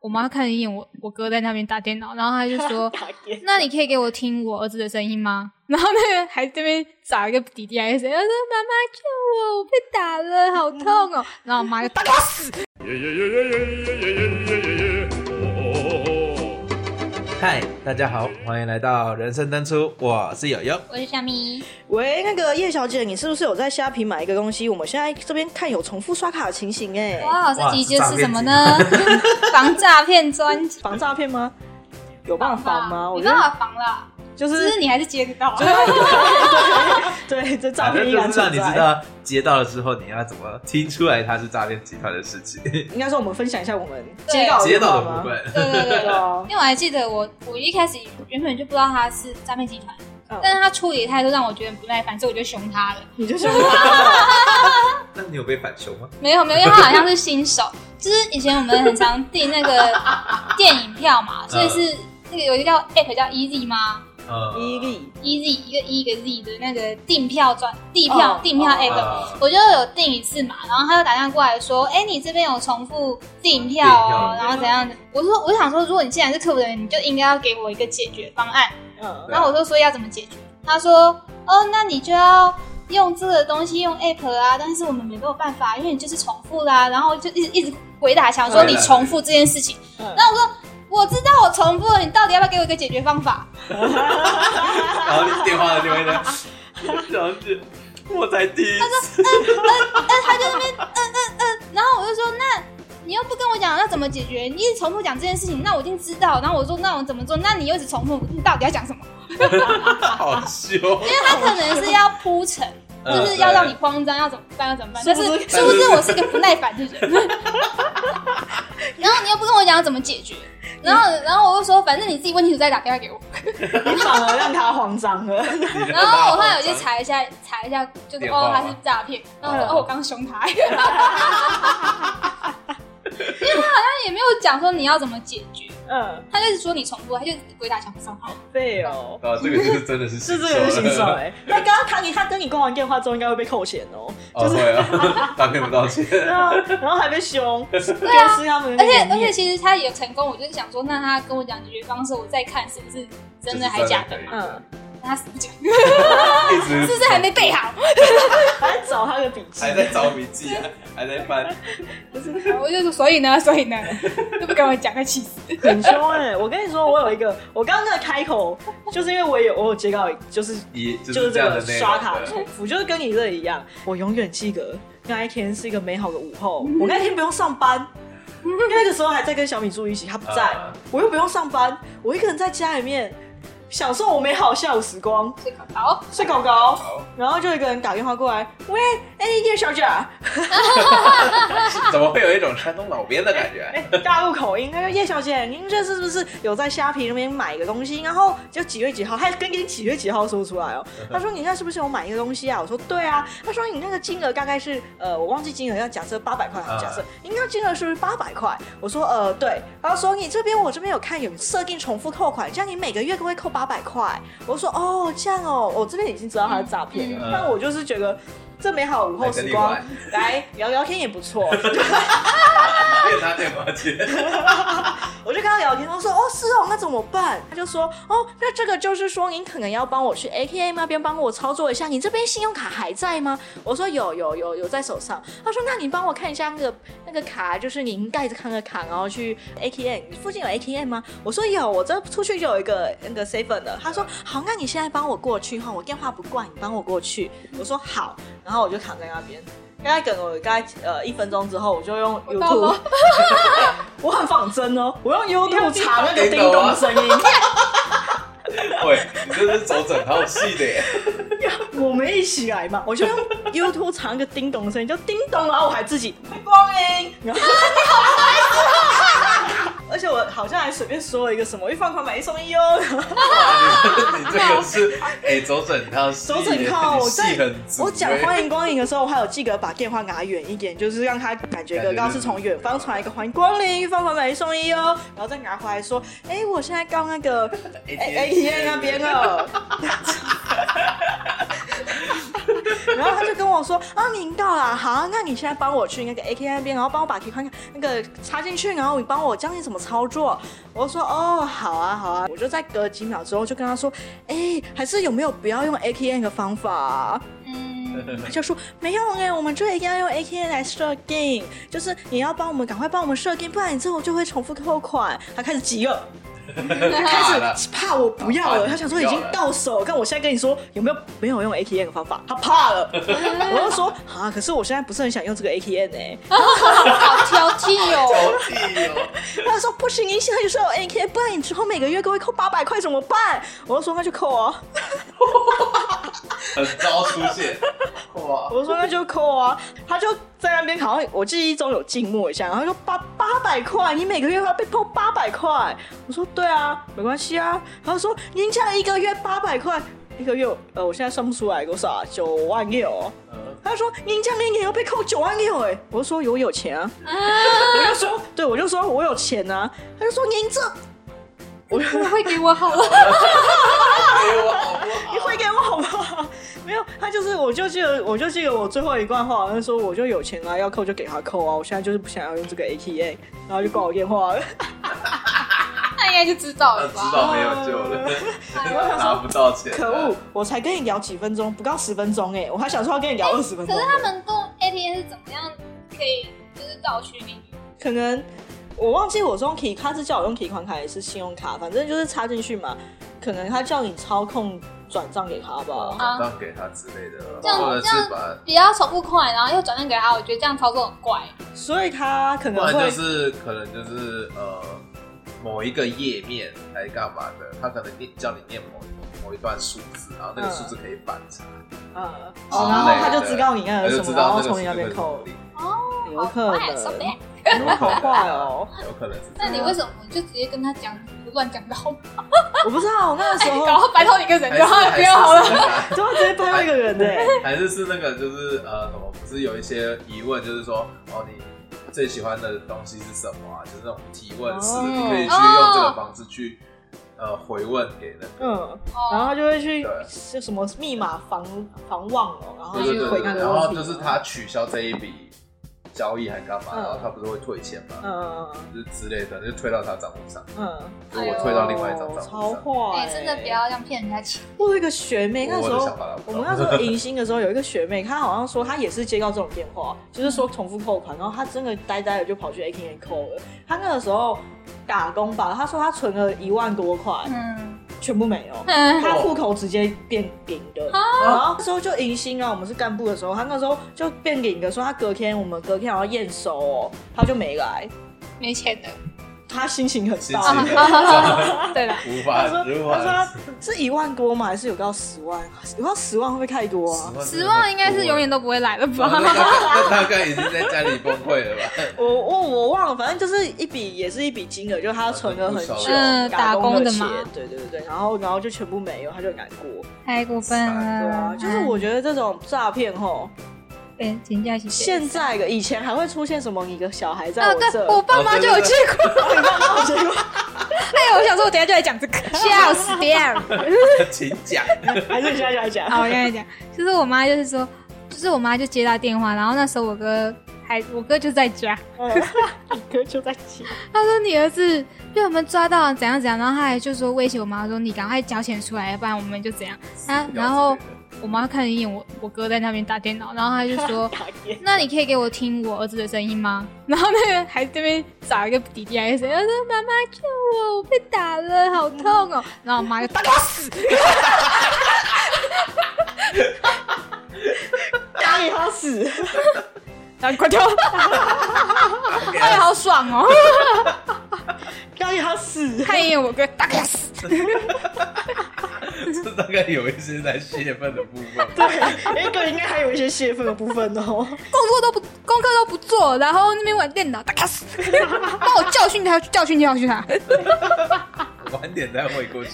我媽看了一眼我，我哥在那邊打電腦，然後她就說：“那你可以給我聽我兒子的聲音嗎？”然後那個還這邊找一個弟弟還是誰，他說：“媽媽救我，我被打了，好痛哦！”嗯、然後我媽就打我死。 嗨，大家好，歡迎來到人生登出。我是友友，我是夏米。喂，那個葉小姐，你是不是有在蝦皮買一個東西？我們現在這邊看有重複刷卡的情形，哎，哇，這直接是什麼呢？ 防詐騙專防詐騙嗎？有辦法防嗎？防，我沒辦法防了。就是、是你還是接得到、啊 對，對，這詐騙、啊。那上你知道接到了之後你要怎麼聽出來他是詐騙集團的事情？應該說我們分享一下我們接到接到的部分。對對對 因為我還記得我我一開始原本就不知道他是詐騙集團、嗯，但是他處理態度讓我覺得不耐煩，所以我就凶他了。你就凶他了。 那你有被反凶嗎？沒有沒有，因為他好像是新手。就是以前我們很常訂那個電影票嘛， 所以是那個有一個叫 App 叫 Easy 嗎？Oh, e Z E Z，一個 E 一個 Z 的那個訂票轉訂票訂、oh, 票 app，oh, oh, oh, oh, oh, oh. 我就有訂一次嘛，然後他就打電話過來說，哎、欸，你這邊有重複訂票哦，哦、嗯，然後怎樣？的、嗯。我說我想說，如果你既然是客服人員，你就應該要給我一個解決方案。嗯、oh,，然後我就說所以要怎麼解決，他說哦，那你就要用這個東西用 app 啊，但是我們沒有辦法，因為你就是重複啦、啊，然後就一直一直鬼打牆，說你重複這件事情。那我說。我知道我重複了，你到底要不要給我一個解決方法？ 然後你電話那邊講起， 我在聽。他說嗯嗯嗯，他、嗯、就、嗯、那邊嗯嗯嗯，然後我就說，那你又不跟我講，那怎麼解決？你一直重複講這件事情，那我已經知道。然後我說，那我怎麼做？那你又一直重複，你到底要講什麼？ 好羞笑，因為他可能是要鋪陳。嗯、就是要讓你慌張，要怎麼辦？要怎麼辦？就是，殊不知我是一個不耐煩的人。 然後你又不跟我講怎麼解決，然後，然後我就說，反正你自己問題所在，打電話給我。 你反而讓他慌張了。 然後我後來有去查一下，查一下，就是哦，他是詐騙。然後我說，哦，我剛凶他。 因為他好像也沒有講說你要怎麼解決，嗯，他就是說你重複，他就鬼打牆，上好耗費哦、嗯。啊，這個就是真的是是 這個心酸、欸。 剛剛他剛剛他你他跟你掛完電話之後應該會被扣錢哦，哦就是他跟我們道歉，然後還被凶，對啊，他 們、啊、而且 而且其實他也成功，我就是想說，那他跟我講解決方式，我再看是不是真的還假的、就是，嗯。他 是不是還沒背好， 還在找他的筆記，還在找筆記啊， 還在翻。不是，我就說，所以呢，所以呢， 都不跟我講，該氣死！很凶哎！我跟你說，我有一個，我剛剛那個開口， 就是因為我有，我有接到，就是也、就是這個、就是這樣的個。刷卡重複，就是跟你這一樣。我永遠記得那一天是一個美好的午後， 我那天不用上班，那個時候還在跟小米住一起，他不在 我又不用上班，我一個人在家裡面。享受我美好下午時光，睡狗狗。睡狗狗。然後就一個人打電話過來，喂，哎，欸，葉小姐，啊， 怎麼會有一種山東老編的感覺？哎，欸，大，欸，陸口音。他說葉小姐，您這是不是有在蝦皮那邊買一個東西？然後就幾月幾號，還跟跟你幾月幾號說出來哦。他說你那是不是有買一個東西啊？我說對啊。他說你那個金額大概是，呃，我忘記金額要假設八百塊還是假設，應，啊，該金額是不是八百塊？我說呃，對。然後說你這邊我這邊有看有設定重複扣款，這樣你每個月都會扣。八百塊，我說哦，這樣哦，我這邊已經知道他的詐騙、嗯嗯，但我就是覺得，這美好午後時光，那個、來聊聊天也不錯。 我就跟他聊天，我說：“哦，是哦，那怎麼辦？”他就說：“哦，那這個就是說，您可能要幫我去 ATM 那邊幫我操作一下。你這邊信用卡還在嗎？”我說：“有，有，有，有在手上。”他說：“那你幫我看一下那個那個卡，就是您蓋着看個卡，然後去 ATM。你附近有 ATM 嗎？”我說：“有，我這出去就有一個那個 Seven 的。”他說：“好，那你現在幫我過去哈、哦，我電話不掛，你幫我過去。”我說：“好。”然後我就躺在那邊，應該梗了我大概呃一分鐘之後，我就用 YouTube，我， 我很仿真哦，我用 YouTube 查個那個叮咚的聲音。 喂，你這是走整好戲的耶！ 我們一起來嘛，我就用 YouTube 查那個叮咚的聲音，就叮咚，然後我還自己然後 而且 我好像還隨便說了一個什麼，一放款買一送一哦。啊、 你這個是哎，周准他，周枕他，走我記很，我講歡迎光臨的時候，我還有記得把電話拿遠一點，就是讓他感覺剛剛是從遠方傳來一個歡迎光臨，一放款買一送一哦，然後再拿回來說，哎、欸，我現在告那個哎哎醫院那邊了。 然後他就跟我說啊，你到了，好、啊，那你現在幫我去那個 ATM 那邊，然後幫我把提款卡那個插進去，然後你幫我教你怎麼操作。我就說哦，好啊，好啊，我就在隔幾秒之後就跟他說，哎，還是有沒有不要用 ATM 的方法？嗯， 他就說沒有哎，我們就一定要用 ATM 來設定，就是你要幫我們趕快幫我們設定，不然你之後就會重複扣款。他開始急了。 他開始怕我不要，怕不要了，他想說已經到手，看我現在跟你說有沒有沒有用 A T M 的方法，他怕了。 我就說好啊，可是我現在不是很想用這個 A T M 哎。 好挑剔哦！挑剔哦！他說不行，你現在有 A T M，不然你之後每個月給我扣八百塊怎麼辦？我就說那就扣哦、啊。 」 很糟，出現。我說那就扣啊，他就在那邊好像我記憶中有靜默一下，然後說八八百塊，你每個月要被扣八百塊。我說對啊，沒關係啊。然後說您這樣一個月八百塊，一個月呃，我現在算不出來，多少啊，九萬六。他說您這樣一年要被扣九萬六，哎，我說我有錢啊，啊我就說對，我就說我有錢啊。他就說您這，我我會給我好了， 好好 你會給我好不好？沒有，他就是，我就記得，我就記得我最後一句話好像、就是、說，我就有錢啊，要扣就給他扣啊，我現在就是不想要用這個 ATM，然後就掛我電話了。他 應該就知道了吧？知道沒有救了，啊、 拿不到錢。可惡，我才跟你聊幾分鐘，不到十分鐘哎、欸，我還想說要跟你聊二十分鐘、欸。可是他們都 ATM 是怎麼樣可以就是盜取你？可能我忘記我說用 Key，他是叫我用提款卡還是信用卡？反正就是插進去嘛。可能他叫你操控轉賬給他吧，轉、啊、賬給他之類的，啊、這樣的比較手不快，然後又轉賬給他，我覺得這樣操作很怪。所以他可能會就是可能就是能、就是、呃某一個頁面來幹嘛的，他可能念叫你念某一個一段數字，然後那個數字可以反查，嗯嗯，然後他就知道你應該有什麼，然後從你那邊扣。哦，有、啊、有可能，好壞哦，有可能。那你為什麼就直接跟他講亂講的號碼？ 我不知道，那個時候剛、欸、好白扣一個人，然後不要好了，就直接白扣一個人的。還是 還還是那個，就是呃，什麼？不是有一些疑問，就是說，哦，你最喜歡的東西是什麼、啊？就是那種提問式，你可以去用這個方式去。哦呃，回問給的，那個，嗯，oh. 然後他就會去就什麼密碼防防忘了，然後對對對對去回看這問題，然後就是他取消這一筆。交易還幹嘛？然後他不是會退錢嘛，嗯，就是之類的，就退到他賬戶上。嗯，所以我退到另外一張賬上。哎，你真的不要這樣騙人家錢。我有一個學妹那時候，我們那時候迎新的時候，有一個學妹，她好像說她也是接到這種電話，就是說重複扣款，然後她真的呆呆的就跑去 A K A 扣了。她那個時候打工吧，她說她存了一萬多塊。嗯。全部沒有、嗯，他戶口直接變零的、哦，然後那時候就迎新啊，我們是幹部的時候，他那時候就變零的，說他隔天我們隔天好像驗收哦，他就沒來，沒錢的。他心情很差，啊、 對了，他說，無法他說他是一萬多嗎？還是有到十萬？有到十萬會不會太多啊？十萬,萬應該是永遠都不會來了吧？啊、那大、個、概、那個那個、也是在家裡崩潰了吧？ 我我我忘了，反正就是一筆也是一筆金額，就是他存了很久、嗯、打工的錢，的嘛，對對對，然後然後就全部沒有，他就很難過，太過分了、啊嗯。就是我覺得這種詐騙吼。嗯，講一下。現在的以前還會出現什麼一個小孩在這啊、哦，對我爸媽就有去過。哈哈哈！候 哎呀，我想說，我等一下就來講這個，笑死 掉請講。請講，還是笑笑講？好，我現在講。就是我媽就是說，就是我媽就接到電話，然後那時候我哥還，我哥就在家，我 哥就在家。 他說：“你兒子被我們抓到，怎樣怎樣？”然後他還就說威脅我媽說：“你趕快交錢出來，不然我們就怎樣。 啊”然後。我媽看了一眼我，我哥在那邊打電腦，然後她就說：“那你可以給我聽我兒子的聲音嗎？”然後那個在那邊找一個弟弟還是誰他說：“媽媽救我，我被打了，好痛哦！”嗯、然後我媽,媽就打他死，打他死。 那、啊、你快跳！哎呀，好爽哦、喔！打他死！看一眼我哥，打死！ 這大概有一些在洩憤的部分。 對，哎、欸、哥，應該還有一些洩憤的部分哦、喔。工作都不，功課都不做，然後那邊玩電腦，打死！幫 我教訓他，教訓教訓他。 晚點再回過去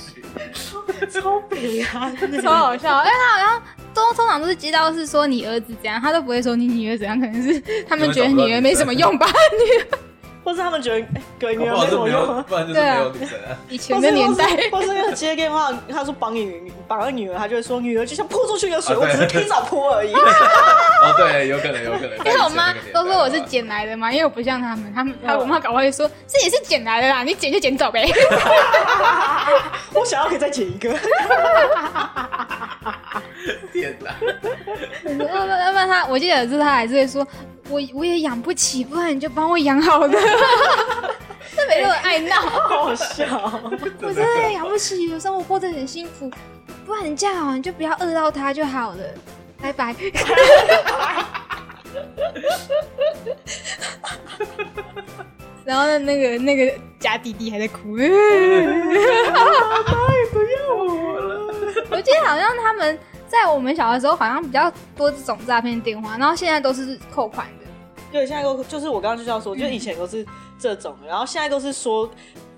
超，超北啊，真的超好笑！因為他好像都通常都是知道是說你兒子怎樣，他都不會說你女兒怎樣，可能是他們覺得女兒沒什麼用吧， 女兒。 或是他們覺得、欸，哥女兒沒什麼用不然沒有，對啊， 因為以前的年代，或是那個接電話， gemaakt, 他說綁你女兒，綁個女兒，他就會說女兒就像潑出去的水，啊、我只是提早潑而已。 哦，對，有可能，有可能。因為我媽都說我是撿來的嘛、 嗯，因為我不像他們，他們，他 oh. 我媽搞不好就說這也是撿來的啦，你撿就撿走唄 我想要可以再撿一個 。 天哪 má！ 那那那他，我記得是他還是會說。我我也養不起，不然你就幫我養好的了。哈哈哈！這沒愛鬧，好好笑。 我真的養不起，生活過得很辛苦，不然你這樣，你就不要餓到他就好了。 拜拜。 然後那個那個假弟弟還在哭。哈 哈！ 太不要我了。我記得好像他們。在我們小的時候，好像比較多這種詐騙電話，然後現在都是扣款的。對，現在都就是我剛剛就這樣說，就以前都是這種、嗯，然後現在都是說，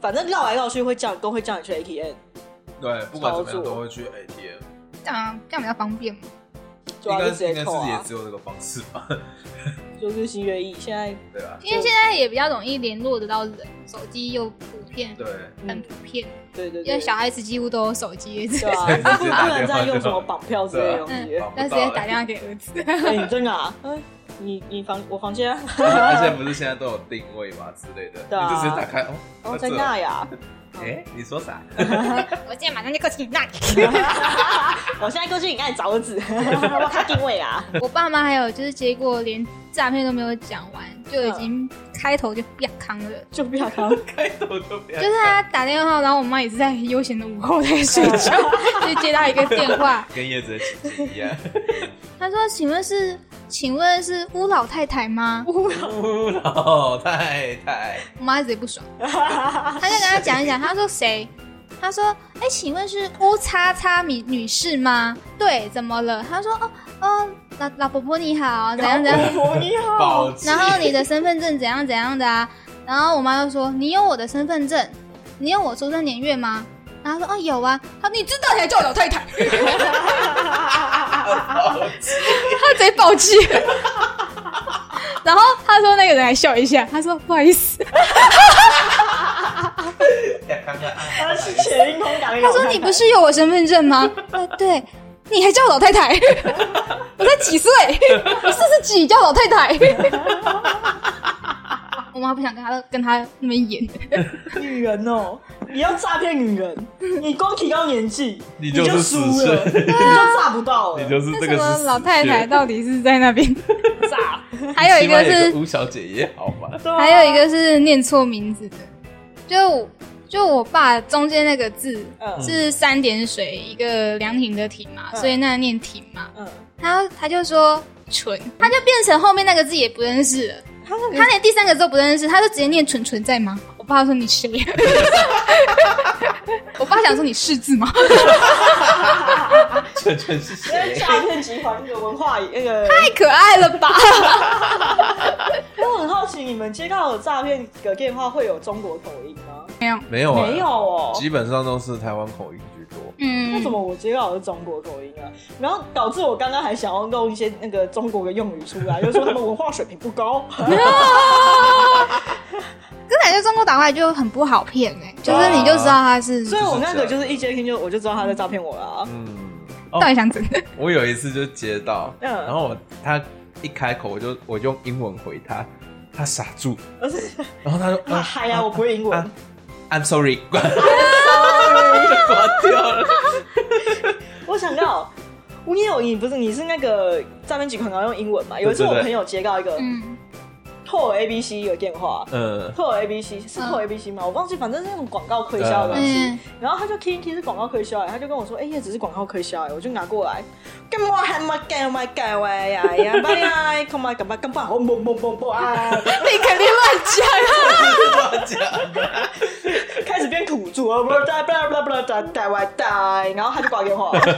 反正繞來繞去會叫，都會叫你去 ATM。對，不管怎麼都會去 ATM。啊，這樣比較方便。應該是、啊、應該是自己也只有這個方式吧，就日新月異。現在對吧？因為現在也比較容易聯絡得到人，手機又普遍，對，很普遍，嗯、對，對對。因為小孩子幾乎都有手機，對啊，不不能這樣用什麼綁票之類的東西，對啊欸，但直接打電話給兒子。哎，真的 啊？你你房我房間？而且不是現在都有定位嘛之類的，對啊，你就直接打開哦，哦在那呀。啊 哎、欸，你說啥？我現在馬上就過去，那我現在過去應該找紙， 我子 定位啊！我爸媽還有就是結果連詐騙都沒有講完，就已經開頭就不要扛了，就不要扛。 開頭就不要，就是他打電話，然後我媽也是在悠閒的午後在睡覺， 就接到一個電話， 跟葉澤奇一樣。 他說：“請問是？”請問是鄔老太太嗎？鄔老太太，我媽賊不爽，她、啊、就跟他講一講，她說誰？她說哎、欸，請問是鄔叉叉女女士嗎？對，怎麼了？她說哦哦，老老婆婆你好，怎樣怎樣老婆婆你好，然後你的身份證怎樣怎樣的啊？然後我媽就說你有我的身份證，你有我出生年月嗎？然後她說哦有啊，她說你知道你還叫老太太？ 啊啊啊啊啊、 他賊爆氣， 然後他說那個人還笑一下，他說不好意思， 他兩兩太太， 他說你不是有我身份證嗎、？ 呃？對，你還叫老太太？ 我才幾歲？四 十幾叫老太太？ 我媽不想跟她跟她那麼演女人哦、喔，你要詐騙女人，你光提高演技 你就輸了對，啊，你就炸不到了。你就為什麼，老太太到底是在那邊詐？還 有一個是吳小姐也好嘛， 還有 還有一個是念錯名字的，就就我爸中間那個字是三點水一個涼亭的亭嘛， 所以那念亭嘛，他 他就說蠢，他就變成後面那個字也不認識了。他連第三個字都不認識，他就直接念“純純在嗎？”我爸說：“你是誰？ 我爸想說：“你識字嗎？”“純 純 是誰？”“詐騙集團那個文化那個。欸呃”太可愛了吧！ 我很好奇，你們接到有詐騙的電話會有中國口音嗎？沒有，沒有、啊、沒有哦，基本上都是台灣口音。嗯，為什麼我接到的是中國口音啊？然後導致我剛剛還想要弄一些那個中國的用語出來， 就是說他們文化水平不高。哈哈哈，就中國打過來就很不好騙哎、欸啊，就是你就知道他是。所以我那個就是一接聽就我就知道他在詐騙我了、啊。嗯、哦，到底想怎我有一次就接到、嗯，然後他一開口我就我就用英文回他，他傻住，然後他說：“嗨、啊啊啊哎、呀、啊，我不會英文。” I'm sorry, I'm sorry. 掉 我想到，吳念友，你不是，你是那個上面幾廣告，用英文嘛？有一次我朋友接到一個，嗯，拓 ABC 的電話，嗯，拓 ABC 是拓 ABC 嗎、哦？我忘記，反正是那種廣告推銷的東西、嗯。然後他就聽一聽是廣告推銷哎，他就跟我說，哎、欸、呀，也只是廣告推銷哎，我就拿過來。幹嘛還麼幹麼幹歪呀呀？你肯定亂講啊！ 開始變土著，然後他就掛電話。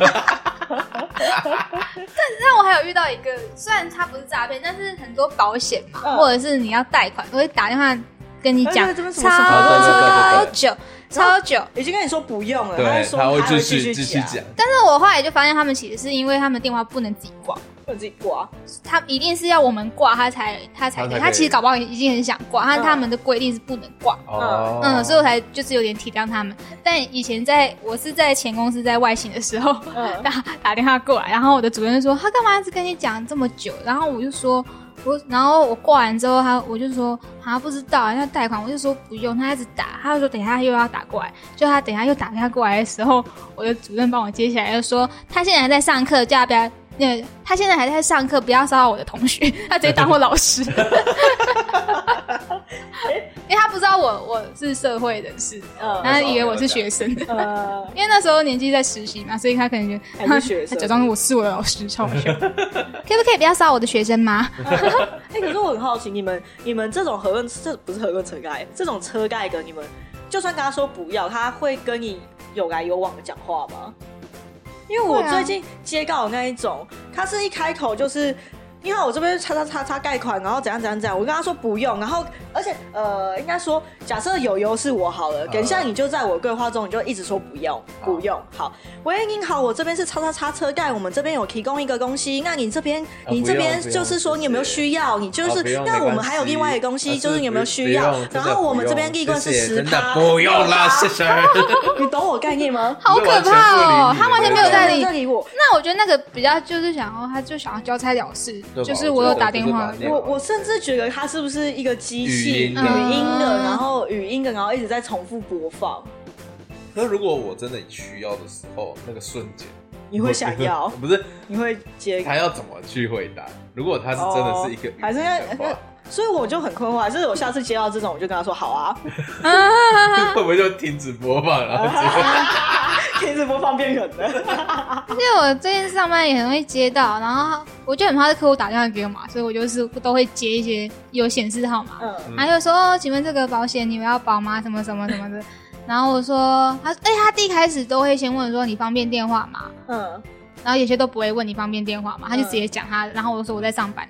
但但我還有遇到一個，雖然他不是詐騙，但是很多保險嘛、嗯，或者是你要貸款，都會打電話跟你講、欸，超久超久，已經跟你說不用了，他說還會繼續繼續講。但是我後來就發現，他們其實是因為他們電話不能自己掛。自己掛，他一定是要我們掛他才他才，對才他其實搞不好已經很想掛，但、嗯、他，他們的規定是不能掛，嗯嗯，所以我才就是有點體諒他們。但以前在我是在前公司在外勤的時候、嗯、打打電話過來，然後我的主任說，他幹嘛一直跟你講這麼久？然後我就說我然後我掛完之後，他我就說他、啊、不知道要貸款，我就說不用。他一直打，他就說等一下又要打過來，就他等一下又打電話過來的時候，我的主任幫我接起來又說他現在還在上課，叫他不要。那他現在還在上課，不要騷擾我的同學，他直接當我老師。 因為他不知道我我是社會人士，嗯，他以為我是學生的，呃、嗯，因為那時候年紀在實習嘛、嗯，所以他可能覺得還是學生， 他假裝我是我的老師，超搞笑。， 可以不可以不要騷擾我的學生嗎？哎、 欸，可是我很好奇，你們你們這種何問，這不是何問車貸，這種車貸的，你們就算跟他說不要，他會跟你有來有往的講話嗎？因為我最近接到那一種，他、啊、是一開口就是。你好，我這邊叉叉叉叉貸款，然後怎樣怎樣怎樣，我跟他說不用，然後而且呃，應該說假設有優勢，是我好了，等一下你就在我規劃中，你就一直說不用不用，好，喂，你好，我這邊是叉叉叉車貸，我們這邊有提供一個東西，那你這邊你這邊就是說你有沒有需要？你就是、啊、那我們還有另外一個東西，就是你有沒有需要？啊、然後我們這邊立棍是十趴，不用啦，謝謝，你懂我概念嗎？好可怕哦，他完全，你他完全沒有在理在理我，那我覺得那個比較就是想要，他就想要交差了事。就是我有打電話我我，我我甚至覺得它是不是一個機器語音的，然後語音的，然後一直在重複播放，嗯。那如果我真的需要的時候，那個瞬間，你會想要？啊、不是，你會接？他要怎麼去回答？如果他是真的是一個還是，還是要。所以我就很困惑。還是我下次接到這種，我就跟他說好啊 會不會就停止播放了。 平時不方便的，因為我最近上班也很會接到，然後我就很怕是客戶打電話給我嘛，所以我就是都會接一些有顯示號碼，嗯，然後說請問這個保險你們要保嗎？什麼什麼什麼的，然後我說他說，哎、欸，他第一開始都會先問說你方便電話嗎？嗯，然後有些都不會問你方便電話嘛，他就直接講他，然後我說我在上班，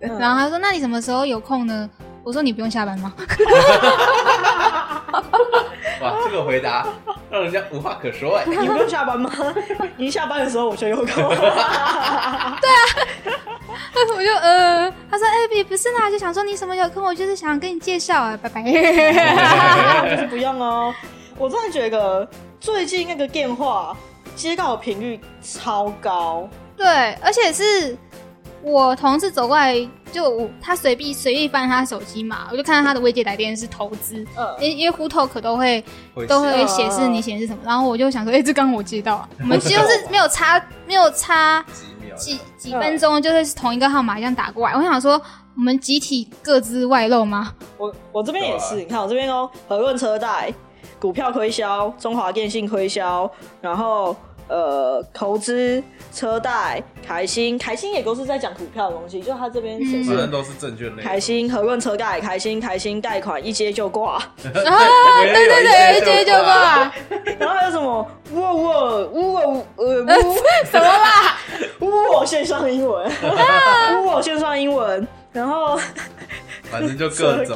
嗯、然後他說那你什麼時候有空呢？我說你不用下班嗎？ 啊、這個回答讓人家無話可說，哎、欸！你不用下班嗎？你一下班的時候我就有空、啊。 對啊，我就呃，他說艾比、欸、不是呢，就想說你什麼有空，我就是想跟你介紹哎、啊，拜拜。就 是不用哦。 我真的覺得最近那個電話接到的頻率超高。對，而且是。我同事走過來，就他隨便隨意翻他手機嘛，我就看到他的未接來電是投資，嗯，因因為呼頭可都會都會顯示、啊、你顯示什麼，然後我就想說，哎、欸，這剛剛我接到啊，啊我們就是沒有差，沒有差幾幾，幾分鐘，就是同一個號碼這樣打過來、嗯，我想說，我們集體個資外露嗎？我我這邊也是，你看我這邊哦，和潤車貸、股票推銷、中華電信推銷，然後。呃，投資、車貸、凱鑫、凱鑫也都是在講股票的東西。就他這邊，反正都是證券的。凱鑫和潤車貸、凱鑫、凱鑫貸款一接就掛、嗯。對對對，一接就掛。 然後還有什麼？嗚嗚嗚嗚什麼啦？嗚、呃、 我線上英文，嗚、 呃、我線上英文。然後，反正就各種。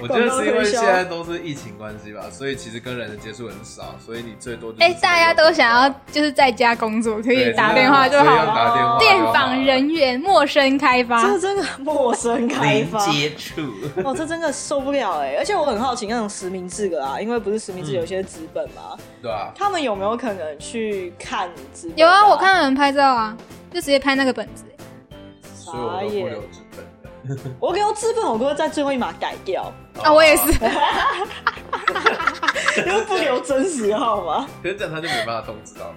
我覺得是因為現在都是疫情關係吧，所以其實跟人的接觸很少，所以你最多哎、欸，大家都想要就是在家工作，可以打電話就好，哦、電訪人員陌生開發，這個真的陌生開發接觸哦，這真的受不了哎、欸！而且我很好奇那種實名制的啊，因為不是實名制有些紙本嘛、嗯，對啊，他們有沒有可能去看紙、啊？有啊，我看有人拍照啊，就直接拍那個本子、欸，傻眼。我給我資本，我都會在最後一碼改掉啊，啊！我也是，因又不留真實號嗎？這樣他就沒辦法通知到。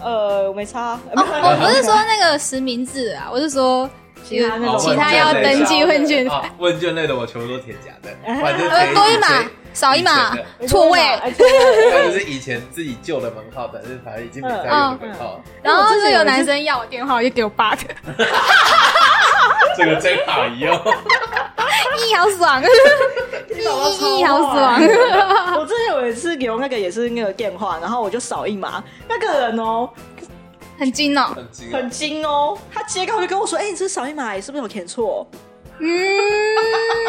呃，我沒差、啊沒差，啊哦沒差啊、我不是說那個實名制啊，嗯、我是說其他那種其他要登記問卷。問、啊、卷類、類的我全部都填假的，啊的假的啊、反正多一碼少一碼，錯位。或、哎、者是以前自己舊的、的、嗯、的門號，但是他已經不在那個門號，然後就是有男生要我電話，我就給我 b u 這個真好用！意好爽，啊，意， 啊，意好爽，啊。 我之前有一次給我那個也是那個電話，然後我就掃一碼，那個人哦，喔，很精哦，喔，很精哦，喔喔喔，他結果，就跟我說：“哎，欸，你這掃一碼是不是有填錯？” 嗯，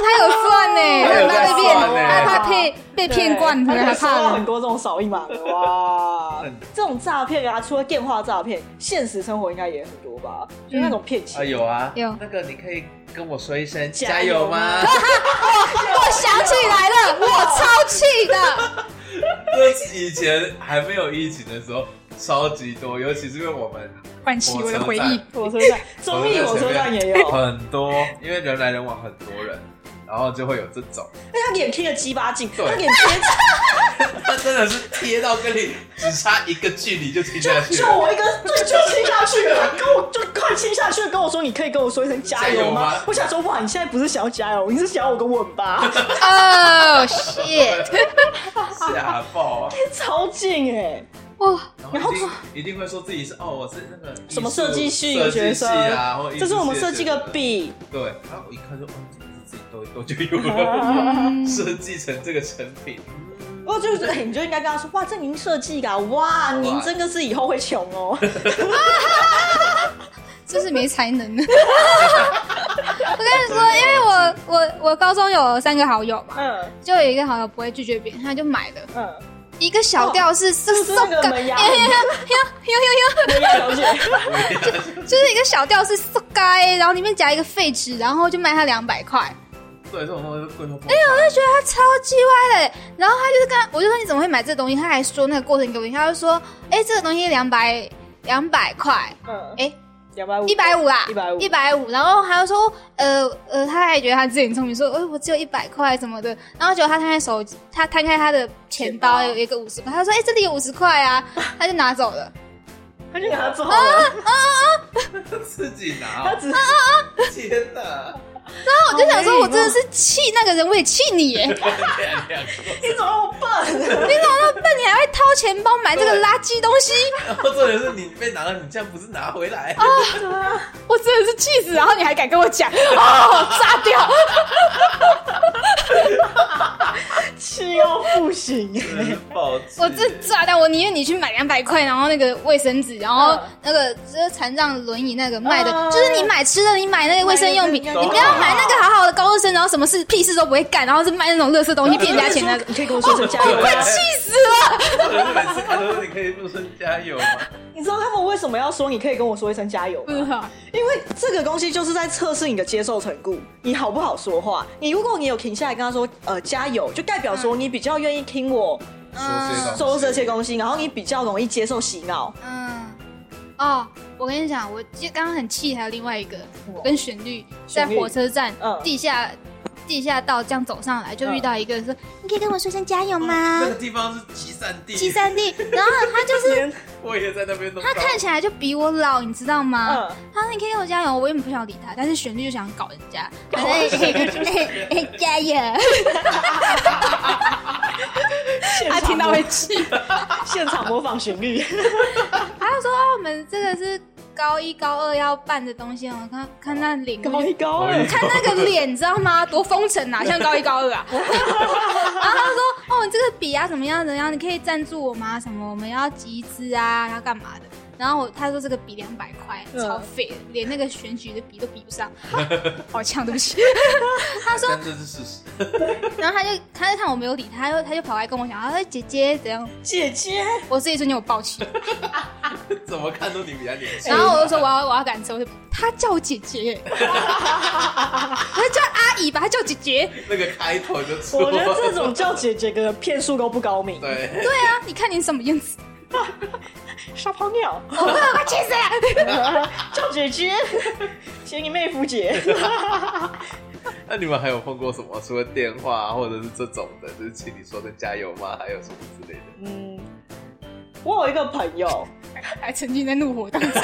他有算呢、欸，他怕、欸、被騙，他怕被被騙慣，他怕很多這種掃一碼的哇、嗯，這種詐騙啊，除了電話詐騙，現實生活應該也很多吧？就、嗯、那種騙錢啊，有啊，有那個你可以跟我說一聲加油嗎？我 我想起來了，我超氣的，因 為以前還沒有疫情的時候。超級多，尤其是因為我們火車站，我的回憶火車站，中壢火車站也有很多， 因為人來人往很多人，然後就會有這種。哎， 他臉貼的雞巴近，他臉貼近，他真的是貼到跟你只差一個距離就親下去就，就我一個，就親下去了，跟我就快親下去了，跟我說你可以跟我說一聲加油嗎？油嗎 我想說，哇，你現在不是想要加油，你是想要我個吻吧 ？Oh shit！嚇對 爆、啊，超近哎、欸。哇！然後，一定，然後一定會說自己是哦，我是那個什麼設計系的學生，啊的就是，這是我們設計個筆。對，然後我一看就哦，這自己都一都就有了，啊，設計成這個成品。哇，嗯，就是你就應該跟他說，哇，這您設計的，啊，哇，您真的是以後會窮哦， 這是沒才能的。 我跟你說，因為我我我高中有三個好友嘛，嗯，就有一個好友不會拒絕別人，他就買了，嗯。一個小吊飾，哦、是，是那個就是一個小吊飾 s k 然後裡面夾一個廢紙，然後就賣他兩百塊。對，這種東西貴到。哎呀、欸，我就覺得他超級歪嘞！然後他就是跟，我就說你怎麼會買這東西？他還說那個過程給我聽，他就說，哎、欸，這個東西兩百兩百塊，哎、嗯。欸一百五啊一百五，一百五。150, 然後他就說：“呃呃，他還覺得他自己很聰明，說：‘欸、我只有一百塊什麼的。’”然後結果他攤開手，他攤開他的錢包，有一個五十塊。他說：“哎、欸，這裡有五十塊啊！”他就拿走了， 他就拿走了，啊啊啊！啊啊 自己拿，他啊啊！啊啊 啊啊啊 天哪！然後我就想說，我真的是氣那個人，我也氣你耶，你怎麼那麼笨？你怎麼那麼笨？你還會掏錢包買這個垃圾東西？或者是你被拿了，你這樣不是拿回來？啊？我真的是氣死，然後你還敢跟我講，哦，炸掉，氣到不行，我真炸掉！我寧願意你去買兩百塊，然後那個衛生紙，然後那個這殘障輪椅那個賣的，就是你買吃的，你買那個衛生用品，你不要。買那個好好的高中生，然後什麼事，屁事都不會幹，然後是賣那種垃圾東西騙人家錢的、那個。 你可以跟我說聲加油，我、哦啊、快氣死了。你可以說聲加油。你知道他們為什麼要說你可以跟我說一聲加油嗎、嗯、因為這個東西就是在測試你的接受程度，你好不好說話。你如果你有停下來跟他說呃加油，就代表說你比較願意聽我說這些東西，然後你比較容易接受洗腦。嗯。哦、oh，我跟你講，我就剛剛很氣，還有另外一個，wow. 跟旋律，旋律在火車站，uh. 地下地下道這樣走上來，就遇到一個人說：“ uh. 你可以跟我說聲加油嗎？” oh, 那個地方是。七三弟， 然後他就是，他看起來就比我老，你知道嗎？嗯、他說你可以給我加油，我也本不想理他。但是旋律就想搞人家，哎、欸欸欸欸， 他聽到會氣，現場模仿旋律。 他又說、啊：“我們這個是高一高二要辦的東西，我看看那臉，高一高二，看那個臉，你知道嗎？多風塵啊，像高一高二啊。 ”然後他說：“哦，這個筆啊，怎麼樣？怎麼樣？你可以。”可以贊助我嗎？什麼？我們要集資啊，要幹嘛的？然後我他說這個筆兩百塊，嗯、超廢，連那個選舉的筆都比不上，好嗆，對不起。他說這是事實。然後他就他就看我沒有理他，他就跑來跟我講，他說姐姐怎樣？姐姐，我自己說你有抱起。 怎麼看都你比較年輕、啊。然後我就說我要我要趕車。我說他叫我姐姐， 他叫阿姨吧，他叫姐姐。那個開頭就我覺得這種叫姐姐的騙術都不高明。對。對啊，你看你什麼樣子。 小泡尿，我朋友快氣死了。叫姐姐，親你妹夫姐。 那你們還有碰過什麼？除了電話或者是這種的，就是請你說的加油嗎，還有什麼之類的？嗯，我有一個朋友 還，還曾經在怒火當中，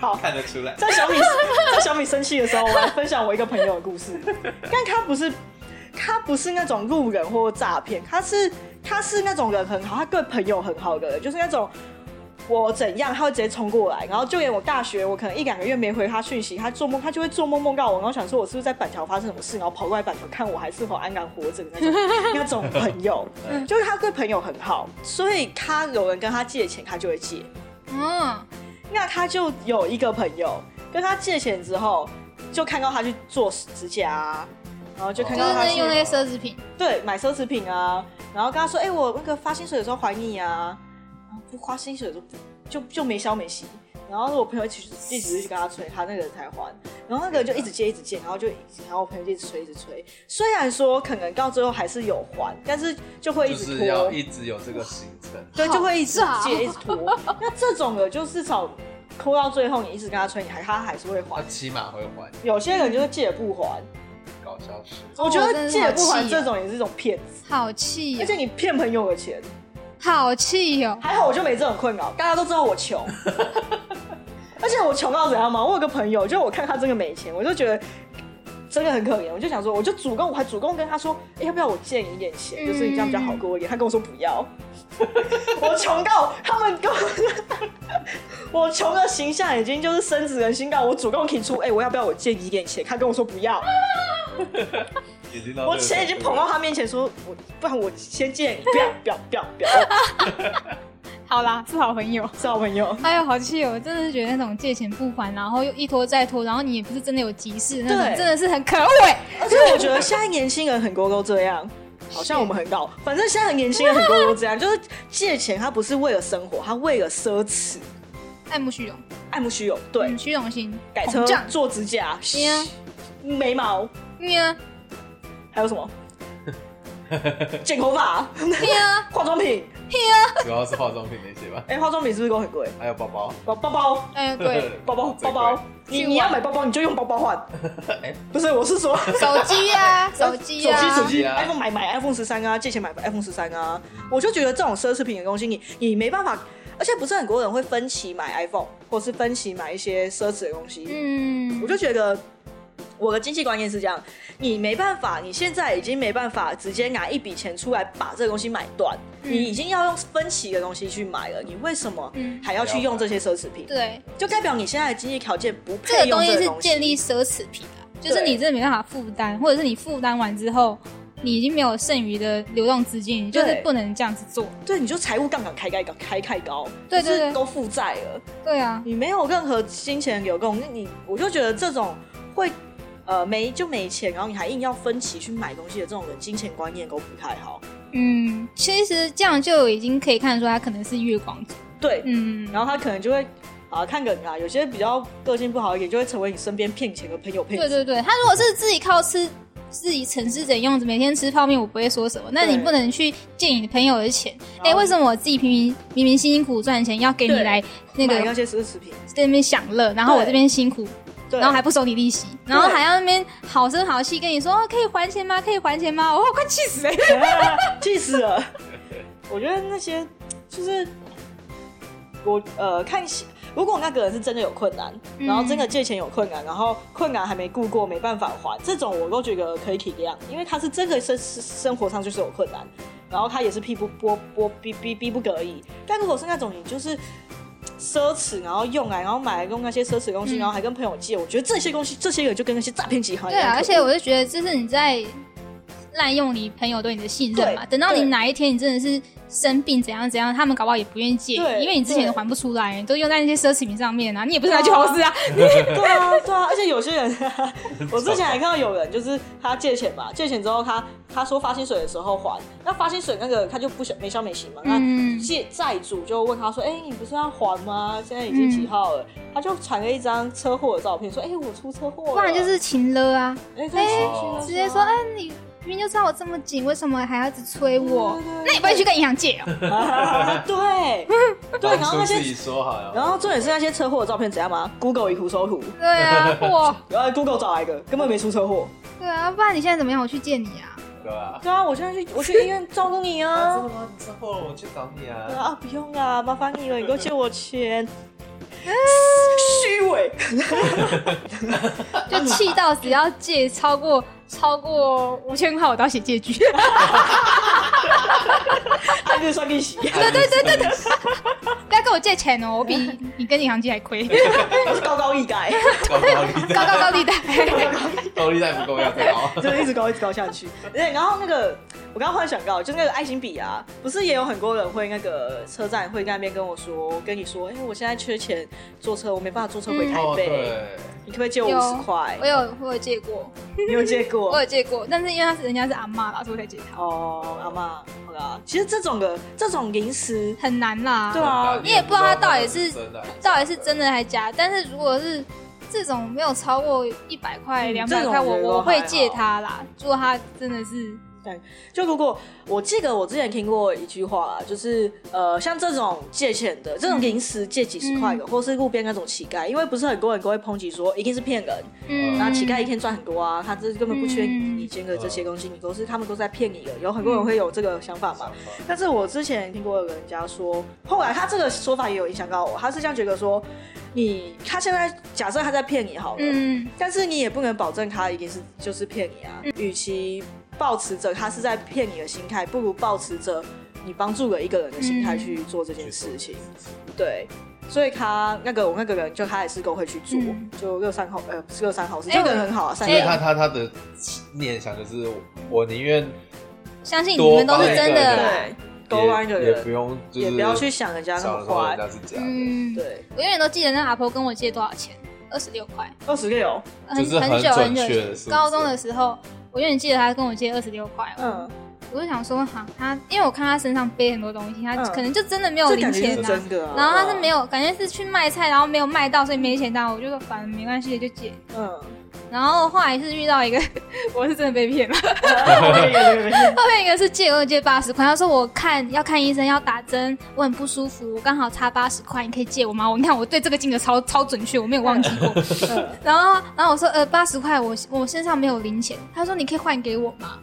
好 看得出來。 在小米在小米生氣的時候，我要分享我一個朋友的故事。但他不是他不是那種路人或詐騙，他是。他是那種人很好，他對朋友很好的人，就是那種我怎樣，他會直接衝過來，然後就連我大學我可能一兩個月沒回他訊息，他做夢他就會做夢夢到我，然後想說我是不是在板橋發生什麼事，然後跑過來板橋看我還是否安然活着那種 那種朋友，就是他對朋友很好，所以他有人跟他借錢，他就會借。嗯、哦，那他就有一個朋友跟他借錢之後，就看到他去做指甲，然後就看到他用、哦就是、那些奢侈品，對，買奢侈品啊。然後跟他說，哎、欸，我那個發薪水的時候還你啊，然後不花薪水的時候就就就沒消沒息。然後我朋友一直一直去跟他催，他那個人才還。然後那個人就一直借一直借，然後就然後我朋友一直催一直催。雖然說可能到最後還是有還，但是就會一直拖，就是、要一直有這個行程。對，就，就會一直借一直拖。啊、那這種的，就至少拖到最後，你一直跟他催，你還他還是會還。他起碼會還。有些人就是借不還。 搞笑事。我覺得借不還這種也是一種騙子。哦、好氣、哦哦！而且你騙朋友的錢，好氣喲、哦！還好我就沒這種困擾，大家都知道我窮， 而且我窮到怎樣嘛？我有個朋友，就我看他真的沒錢，我就覺得真的很可憐，我就想說，我就主動，我還主動跟他說，哎、欸，要不要我借你一點錢、嗯？就是這樣比較好過一點。他跟我說不要， 我窮到他們跟我， 我窮的形象已經就是身子跟心了。我主動提出，哎、欸，我要不要我借你一點錢？他跟我說不要。 我錢已經捧到他面前，說我不然我先借你，不要不要不要！ 好啦，是好朋友，是好朋友。哎呦，好氣哦！我真的是覺得那種借錢不還，然後又一拖再拖，然後你也不是真的有急事，那種對真的是很可惡。而且我覺得現在年輕人很多都這樣，好像我們很老，反正現在年輕人很多都這樣， 就是借錢他不是為了生活，他為了奢侈，愛慕虛榮，愛慕虛榮，對，虛、嗯、虛榮心，改車，做指甲， 眉毛。咩、啊？還有什麼？剪頭髮。咩？ 化妝品。咩？主要是化妝品那些吧。哎、 欸，化妝品是不是都很貴？還有包包。包包包。嗯，對，包包包包。你你要買包包，你就用包包換。哎、欸，不是，我是說手機啊， 啊，手機，手機，手機啊。iPhone 買買 iPhone 十三啊，借錢買 iPhone 十三啊、嗯。我就覺得這種奢侈品的東西你，你你沒辦法，而且不是很多人會分期買 iPhone，或是分期買一些奢侈的東西。嗯。我就覺得。我的經濟觀念是這樣：你沒辦法，你現在已經沒辦法直接拿一筆錢出來把這個東西買斷，嗯、你已經要用分期的東西去買了。你為什麼還要去用這些奢侈品？對、嗯，就代表你現在的經濟條件不配用這個東西。這個、東西是建立奢侈品啊，就是你這沒辦法負擔，或者是你負擔完之後，你已經沒有剩餘的流動資金，你就是不能這樣子做。對，你就財務槓桿開蓋高，開太高，對對對對，就是都負債了。對啊，你沒有任何金錢流動，你，你我就覺得這種會。呃，沒就沒錢，然後你還硬要分期去買東西的這種人，金錢觀念都不太好。嗯，其實這樣就已經可以看出他可能是月光族。對，嗯。然後他可能就會啊，看個人啊，有些比較個性不好的，一也就會成為你身邊騙錢的朋友配。對對對，他如果是自己靠吃自己省吃儉用，每天吃泡麵，我不會說什麼。那你不能去借你的朋友的錢。哎，為什麼我自己平平明，明明辛辛苦苦賺錢，要給你來那個要些奢侈品，在那邊享樂，然後我這邊辛苦。然後還不收你利息，然後還要那邊好聲好氣跟你說、哦，可以還錢嗎？可以還錢嗎？哦、我快氣死了，啊、氣死了！ 我覺得那些就是我呃，看如果那個人是真的有困難、嗯，然後真的借錢有困難，然後困難還沒顧過，沒辦法還，這種我都覺得可以體諒，因為他是真的生生活上就是有困難，然後他也是屁不逼，逼，逼不波不逼逼逼逼不得已。但如果是那種你就是。奢侈，然後用啊，然後買用那些奢侈的東西、嗯，然後還跟朋友借，我覺得這些東西，這些人就跟那些詐騙集團一樣。對啊，而且我就覺得，就是你在濫用你朋友對你的信任嘛。等到你哪一天你真的是生病怎樣怎樣，他們搞不好也不願意借，對，因為你之前都還不出來，都用在那些奢侈品上面啊，你也不是來做好事啊。哦、你。 有些人，我之前還看到有人，就是他借錢吧，借錢之後他他說發薪水的時候還，那發薪水那個他就不消沒消沒息嘛，那借債主就問他說，哎、欸，你不是要還嗎？現在已經幾號了？他就傳了一張車禍的照片，說，哎、欸，我出車禍了，不然就是情了啊，哎、欸欸，對，直接說，哎、欸，你。明明就知道我這麼緊，為什麼還要一直催我？對對對，那你不會去跟銀行借哦、喔 啊。對， 對， 然後那些說好 然後重點是那些車禍的照片怎樣嗎？Google 以圖搜圖。對啊，哇！然 後、啊、Google 找來一個，根本沒出車禍。對啊，不然你現在怎麼樣？我去見你啊。對啊。對啊，我現在去，我去醫院照顧你啊。真的你車禍了，我去找你啊。啊，啊，不用了，麻煩你了。你給我借我錢。 虛偽， 就氣到只要借超過超過五千塊，我都要寫借據。他 就是算利息，對對對對，不要跟我借錢哦、喔，我比你跟銀行機還虧。高高利貸，高高利貸，高利貸，高利貸不夠要高，就是一直高一直高下去。對，然後那個我剛剛幻想到，那個，就那個愛心筆啊，不是也有很多人會那個車站會在那邊跟我說，跟你說，哎、欸，我現在缺錢坐車，我沒辦法，坐車回台北，嗯，你可不可以借我五十塊？我有，我有借過。你有借過？ 我有借過，但是因為他是人家是阿嬤啦，所以我可以借他。哦，阿嬤，好啦，啊。其實這種的這種零食很難啦。對啊，你也不知道他到底是真的，的，到底是真的還假的。但是如果是這種沒有超過一百塊、兩百塊，塊我我會借他啦，如果他真的是。就如果我記得我之前聽過一句話、啊，就是呃，像這種借錢的，這種臨時借幾十塊的、嗯，或是路邊那種乞丐，因為不是很多人都會抨擊說一定是騙人。嗯。那、呃、乞丐一天賺很多啊，他這根本不缺你捐的這些東西，你都是、嗯、都是他們都在騙你的。有很多人會有這個想法嘛？嗯、但是我之前聽過有人家說，後來他這個說法也有影響到我，他是這樣覺得說，你他現在假設他在騙你好了，嗯，但是你也不能保證他一定是就是騙你啊，與其。抱持着他是在騙你的心態，不如抱持着你幫助了一個人的心態去做這件事情。嗯、對，所以他那個我那個人就他也是夠會去做，嗯、就六三好呃不是六三好是這個人很好啊。所、就、以、是、他、欸、他他的念想就是我寧願相信你們都是真的，多幫一,一個人也,也不用、就是，也不要去想人家那麼壞。嗯，對，我永遠都記得那阿婆跟我借多少錢，二十六塊，二十六，很很久很久，高中的時候。我永遠記得他跟我借二十六塊，嗯，我就想說，哈，他因為我看他身上背很多東西，他可能就真的沒有零錢的、啊，然後他是沒有，感覺是去賣菜，然後沒有賣到，所以沒錢的，我就說反正沒關係，就借，嗯然後後來是遇到一個，我是真的被騙了。 後面一個是借，借八十塊。他說我看要看醫生要打針，我很不舒服，我剛好差八十塊，你可以借我嗎？我你看我對這個金額超超準確，我沒有忘記過。 然後然後我說呃八十塊我我身上沒有零錢。他說你可以換給我嗎？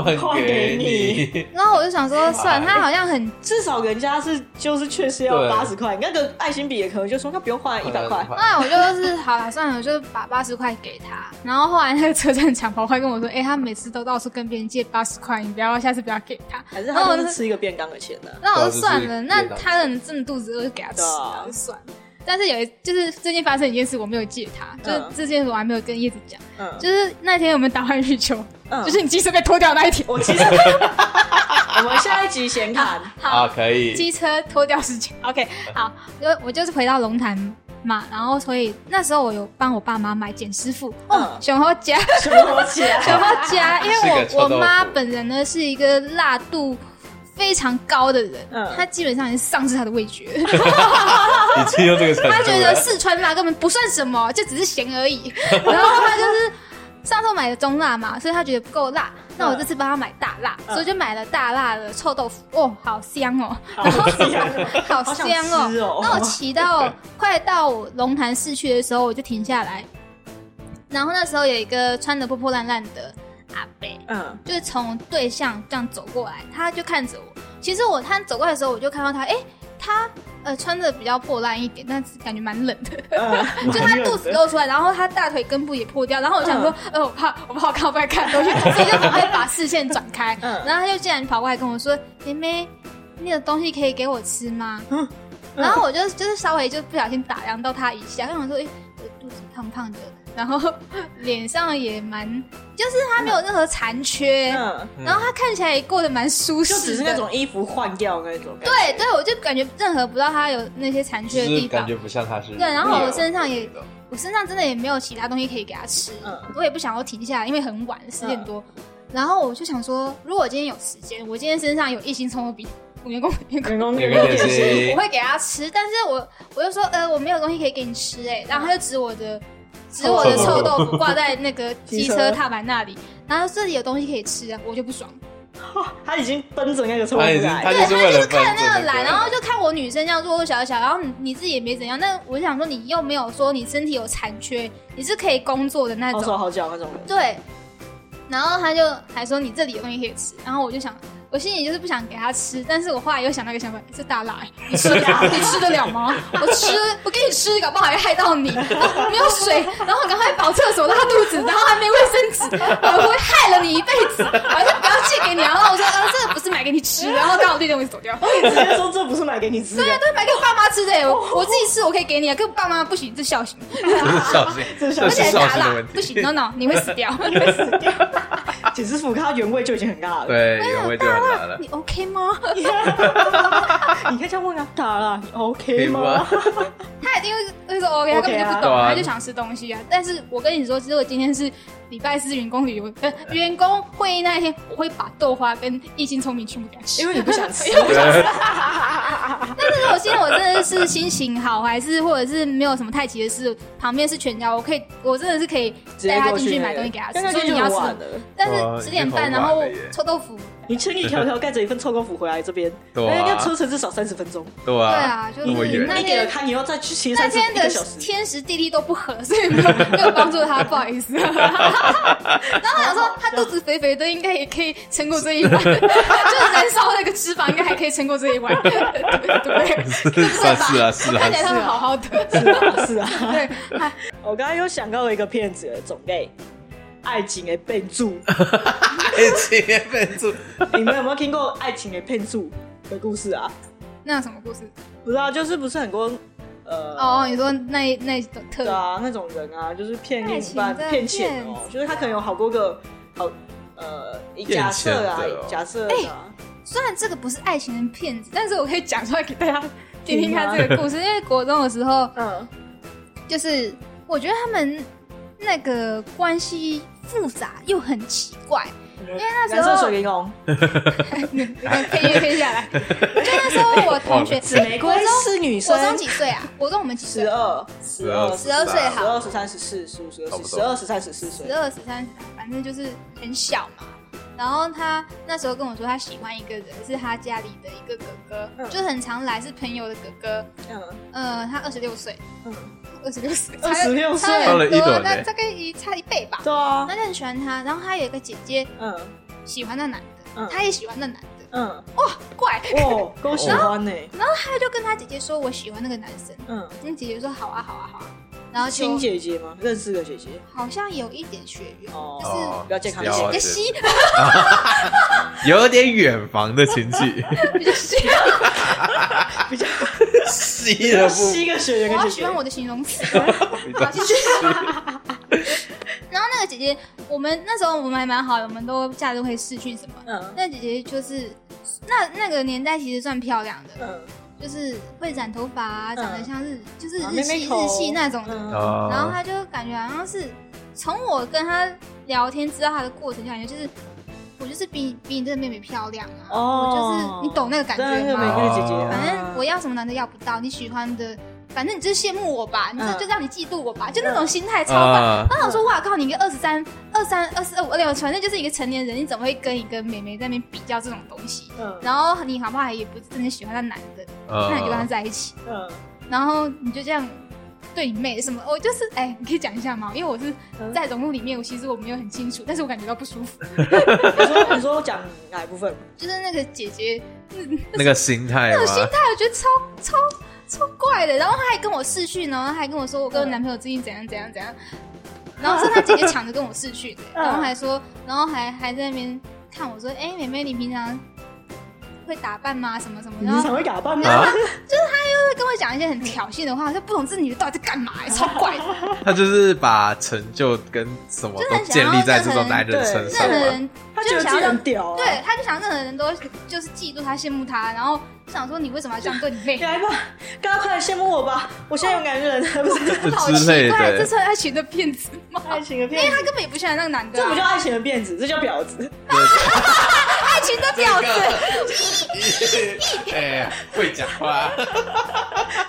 換給你，然後我就想說算，算、欸，他好像很至少人家是就是確實要八十塊，那個愛心筆也可能就說他不用花一百塊， 那我就是好了算了，我就把八十塊給他。然後後來那個車站搶跑快跟我說，哎、欸，他每次都到處跟別人借八十塊，你不要下次不要給他，還是他們是吃一個便當的錢呢？那我就算了，那他真的肚子餓就給他吃，算了。但是有，一，就是最近發生一件事，我沒有借他、嗯。就是這件事，我還沒有跟葉子講。嗯，就是那天我們打完羽球，就是你機車被拖掉那一天，我機車。 我們下一集閒談、啊。好、啊，可以。機車拖掉事件。OK，好，就我就是回到龍潭嘛，然後所以那時候我有幫我爸媽買剪師傅。哦、嗯，想要加，想要加，想要加，因為我我媽本人呢是一個辣肚。非常高的人，嗯、他基本上已經喪失他的味覺。 他覺得四川辣根本不算什麼，就只是鹹而已。 然後他就是上次我買的中辣嘛，所以他覺得不夠辣、嗯。那我這次幫他買大辣，嗯、所以就買了大辣的臭豆腐。哦，好香哦！然後，好自然哦 好香哦！那、哦、 我騎到快到龍潭市區的時候，我就停下來。然後那時候有一個穿的破破爛爛的。嗯、uh,，就是從對象這樣走過來，他就看着我。其實我他走過來的時候，我就看到他，哎、欸，他呃穿着比較破爛一點，但是感覺蠻冷的，uh, 就他肚子露出來，然後他大腿根部也破掉，然後我想說，呃、uh, 欸，我怕我怕看，我不敢看東西。 所以就趕快把視線轉開。嗯、uh,，然後他就竟然跑過來跟我說：“妹、uh, 欸、妹，那個東西可以給我吃嗎？” uh, uh, 然後我就就是稍微就不小心打量到他一下，跟我說：“哎、欸，我肚子胖胖的。”然後臉上也蠻，就是他沒有任何殘缺、嗯，然後他看起來也過得蠻舒適，就只是那種衣服換掉那種感覺。對對，我就感覺任何不知道他有那些殘缺的地方，感覺不像他是。對，然後我身上也、嗯，我身上真的也沒有其他東西可以給他吃，嗯、我也不想要停下來，因為很晚，十點多、嗯。然後我就想說，如果我今天有時間，我今天身上有異形蟲，我比員工餅乾，員工，員工，員工、嗯我，有呃、我會給他吃。但是我我就說，呃，我沒有東西可以給你吃、欸，哎，然後他就指我的。指我的臭豆腐掛在那個機車踏板那裡， 然後這裡有東西可以吃啊，我就不爽，哦。他已經瞪著那個臭豆腐，對，他就是看那個懶，然後就看我女生這樣弱弱小小，然後你,你自己也沒怎樣。那我想說，你又沒有說你身體有殘缺，你是可以工作的那種，好手好腳那種。對，然後他就還說你這裡有東西可以吃，然後我就想。我心裡就是不想給他吃，但是我後來又想到一個想法，這大辣、欸，你吃了啊？你吃得了嗎？ 我吃，我給你吃，搞不好會害到你、啊。沒有水，然後趕快跑廁所拉肚子，然後還沒衛生紙，我會害了你一輩子。我說不要借給你，然後我說呃，這個不是買給你吃，然後剛好弟弟我走掉。我直接說這不是買給你吃，對啊，對買給我爸媽吃的、欸，我我自己吃我可以給你啊，跟爸媽不行，這是孝心而這是孝心，這這大辣，不行，No No，你會死掉，你會死掉。其實腐，它原味就已經很辣了，對，原味就。你 OK 嗎？你看這樣問要打了，你 OK 嗎？Yeah, OK 嗎 他一定會說 OK，他根本就不懂，他、OK、就、啊、想吃東西啊。但是我跟你說，其實我今天是。禮拜四員工旅遊、呃，員工會議那一天，我會把豆花跟異性聰明全部給他吃，因為我不想吃。 因為我不想吃 但是如我現在我真的是心情好，還是或者是沒有什麼太急的事，旁邊是全家，我可以，我真的是可以帶他進去買東西給他吃，是你要吃。欸，但是10點半，然後臭豆腐，嗯、你千里迢迢蓋着一份臭豆腐回來這邊，對啊，要車程至少三十分鐘。對啊，對啊，你、就是、你那個，他，你要再去天的時，天時地利都不合適，所以沒有幫助他， 不好意思。 然，後然後他想說，他肚子肥肥的，應該也可以撐過這一晚，是 就是燃燒那個脂肪，應該還可以撐過這一晚。對 對，是啊 是啊是啊，看起來他們好好的，是啊。是啊對， 我剛剛又想到了一個騙子的種類，愛情的騙術。 愛情的騙術， 你們有沒有聽過愛情的騙術的故事啊？那有什麼故事？ 不知道、啊，就是不是很公。哦，你說那那種、個、對啊，那種人啊，就是騙另一半騙錢哦，就是他可能有好多個好呃，一個假設啊，啊對哦、假設、啊。哎、欸，雖然這個不是愛情的騙子，但是我可以講出來給大家聽聽看這個故事，因為國中的時候， 嗯，就是我覺得他們那個關係複雜又很奇怪。因為那時候可以下來。 就那時候，我同學紫玫，欸欸，是女生。我中幾歲啊？我中我們幾歲？十二，十二，十二歲，十二十三十四十五十六十十二十三十四歲，十二十三，反正就是很小嘛。然後他那時候跟我說，他喜歡一個人，是他家裡的一個哥哥，嗯，就很常來，是朋友的哥哥。嗯，嗯他二十六歲。嗯。二十六歲，二十六歲差人多了一等，大概一差一倍吧。對啊，那就很喜歡他。然後他有一個姐姐，嗯，喜歡那男的、嗯，他也喜歡那男的，嗯，哇、哦，怪，哇、哦，喜， 血、哦、呢。然後他就跟他姐姐說：“我喜歡那個男生。”嗯，那姐姐說：“啊好，啊、好啊，好啊，好啊。”然後親姐姐嗎？認識的姐姐，好像有一點血緣哦是，比較健康一些，比較 有點遠房的親戚，比 比較。 吸了吸個血？我好喜歡我的形容詞。 然後那個姐姐，我們那時候我們還蠻好的，我們都假日會失去什麼、嗯？那姐姐就是，那那個年代其實算漂亮的，嗯，就是會染頭髮啊，嗯，長得像是就是日系、啊、日系那種的、啊。然後她就感覺好像是從我跟她聊天知道她的過程，就感覺就是。我就是比你比你這個妹妹漂亮啊！Oh, 我就是你懂那個感覺嗎？對，姐姐。反正我要什麼男的要不到，oh, 你喜歡的，反正你就是羨慕我吧，uh, 你是就，就讓你嫉妒我吧，uh, 就那種心態超棒。然、uh, 後、uh, 我說：“ uh, 哇靠！你一個二十三、二三、二四、二五，反正就是一個成年人，你怎麼會跟一個妹妹在那邊比較這種東西？Uh, 然後你好不好？也不是真的喜歡那男的，那、uh, uh, uh, 你就跟他在一起。嗯、uh, uh,，然後你就這樣。”對你妹什麼？我就是哎、欸，你可以講一下嗎？因為我是在《龍墓》裡面、嗯，我其實我沒有很清楚，但是我感覺到不舒服。 你說，你說我講哪一部分？就是那個姐姐，那、那個心態那個心態，那種心態，我覺得超超超怪的。然後她還跟我視訊，然後還跟我說我跟我男朋友之間怎樣、嗯、怎樣怎樣。然後說她姐姐搶着跟我視訊、啊，然後還說，然後還還在那邊看我說，哎、欸，妹妹，你平常。會打扮嗎？什麼什麼的？你才會打扮嗎、啊？就是他又會跟我講一些很挑釁的話，就不懂這女的到底在幹嘛呀、欸？超怪的。 他就是把成就跟什麼都建立在這種男人身上。任何人他就想要他覺得屌、啊、對，他就想任何人，都就是嫉妒他、羨慕他，然後想說你為什麼要這樣對你妹、啊？啊、你來吧，大家快來羨慕我吧！我現在有男人他不是好氣，快 來！這是愛情的騙子嗎？愛情的騙子，因、欸、為他根本也不喜歡那個男的、啊。這不叫愛情的騙子，這叫婊子。啊 的屌絲，會講話，哈哈哈！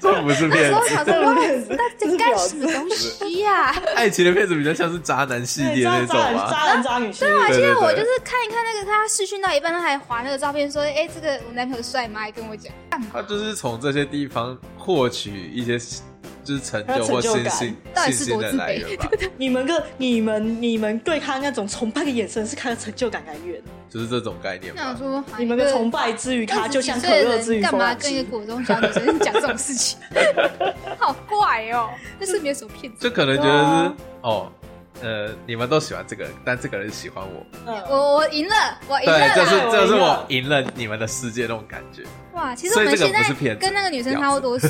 這不是騙子，那時候幹什麼東西呀、啊？愛情的騙子比較像是渣男系列那種渣男渣，渣，渣，渣女、啊。對啊，記得我就是看一看那個他視訊到一半，他還滑那個照片說，哎、欸，這個我男朋友帥嗎？還跟我講，他就是從這些地方獲取一些。就是成就或信心，信心的來源吧。 你們個、你們、你們對他那種崇拜的眼神，是他的成就感來源的。就是這種概念。想說，你們的崇拜之於、啊，他就，就像可樂之於。幹嘛跟一個果凍講講這種事情？好怪哦！但是沒有什麼騙子，就可能覺得是哦。呃，你們都喜歡這個，但這個人喜歡我，嗯、我我贏了，我贏了，對，就是就是我贏了你們的世界那種感覺。哇，其實我們現在跟那個女生差不多是，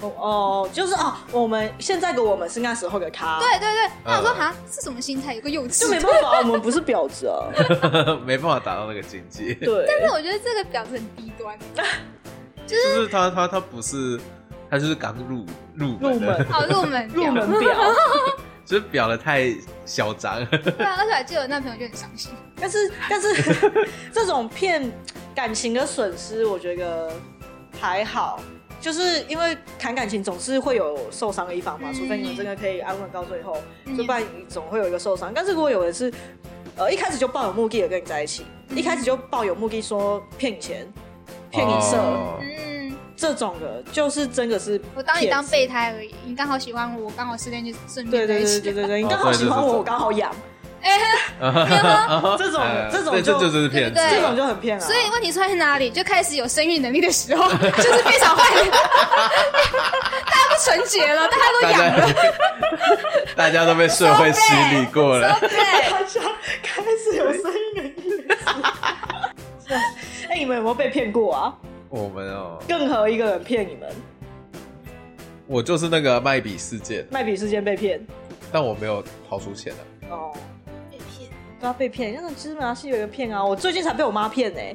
哦就是哦，我們現在的我們是那時候的他對對對，那我說哈、嗯，是什麼心態？有個幼稚的，就沒辦法，我們不是婊子哦、啊， 沒辦法達到那個境界。對，但是我覺得這個婊子很低端，就是、就是、他他他不是，他就是剛入入門入門，好、哦、入門入門婊。 就表的太囂張，對、啊，而且還記得那朋友就很傷心。 但是，但是這種騙感情的損失，我覺得還好，就是因為談感情總是會有受傷的一方嘛，嗯、除非你們真的可以安穩到最後，就不然你總會有一個受傷、嗯。但是如果有人是呃一開始就抱有目的的跟你在一起，一開始就抱有目的說騙你錢、騙你色。嗯嗯這種的，就是真的是我當你當備胎而已，你剛好喜歡我，剛好失戀就順便在一起。對對對對對，你剛好喜歡我，我剛好養。哎、哦，沒這種、欸嗯嗯嗯這種嗯、這種就是騙，這種就很騙了、啊。所以問題出在哪裡？就開始有生育能力的時候，就是非常壞的， 大家不純潔了，大家都養了，大家都被社會洗禮過了，對、so okay，大家開始有生育能力的時候。哎、 欸，你們有沒有被騙過啊？我們哦，任何一個人騙你們，我就是那個麥比事件，麥比事件被騙，但我沒有掏出錢的哦，被騙，都要被騙。像、那、什、個、芝麻是有一個騙啊，我最近才被我媽騙哎，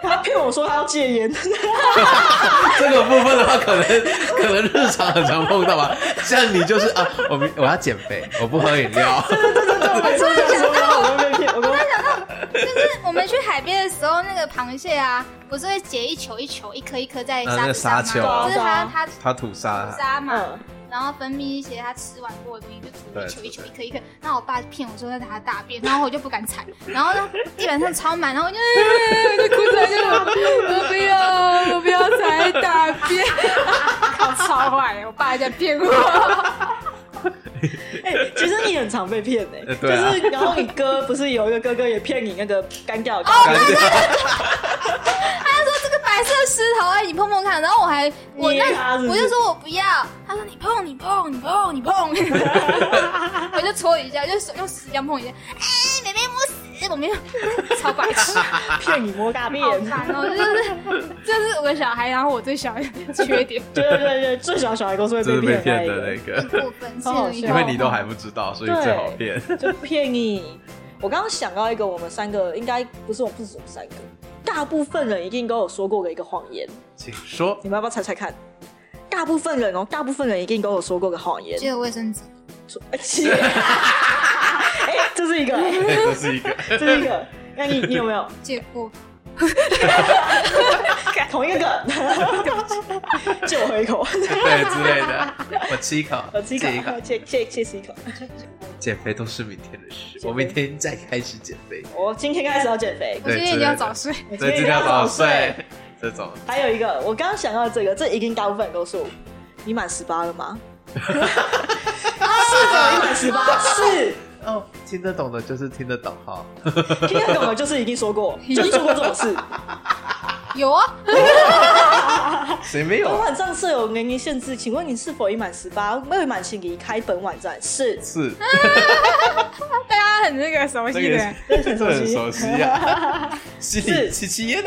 他騙我，我說他要戒菸， 這個部分的話，可能可能日常很常碰到吧。 像你就是啊，我們我要減肥，我不喝飲料， 對對對，沒錯沒錯，我沒騙。 就是我們去海邊的時候，那個螃蟹啊，不是會結一球一球、一顆一顆在沙、啊那個、沙球上嗎？就是它它它吐沙，吐沙嘛，嗯、然後分泌一些它吃完過的東西，就吐一球一球一顆一顆、一顆一顆。那我爸騙我說在他大便，然後我就不敢踩，然後呢基本上超滿，然後我就 我就哭出來就說，就我不要我不要踩大便，靠 超壞，我爸在騙我。 哎、 欸，其實你很常被騙哎、欸欸啊，就是然後你哥不是有一個哥哥也騙你那個乾掉，哦、對對對對 他就說這個白色石頭哎，你碰碰看，然後我還，我就，啊、我就說我不要，他說你碰你碰你碰你碰，你碰你碰 我就戳一下，就是用指甲碰一下，哎、欸，妹妹摸。我沒有超白痴，騙你摸大便。好煩喔，就是就是我的小孩，然後我對小孩的缺點。 對對對，最小小孩都是會被騙的、的。那個過分，因為你都還不知道，所以最好騙，就騙你。我剛剛想到一個，我們三個應該不是，我，不是我們三個，大部分人一定都有說過的一個謊言，請說。你們要不要猜猜看？大部分人哦，大部分人一定都有說過個謊言，借衛生紙。切。 這是一個，這是一個，這是一個。那、欸、你你有沒有借過？ 同一個梗， 借我喝一口，對之類的。我吃一口，我吃一口，借切切，吃一口。減肥都是明天的事，我明天再開始減肥。我今天開始要減肥，我今天一定要早睡，今天，一定要，早、欸、今天一定要早睡。這種還有一個，我剛想到這個，這已經大部分都是你滿十八了嗎？ 是，的 18, 是，你滿十八是。聽得懂的就是聽得懂哈，聽得懂的就是已經說過， 就是做過這種事，有啊。誰 沒有？本網站設有年齡限制，請問你是否已滿十八？未滿，請離開本網站。是是， 大家很那個熟悉的，那個、很熟悉啊。 是七七耶，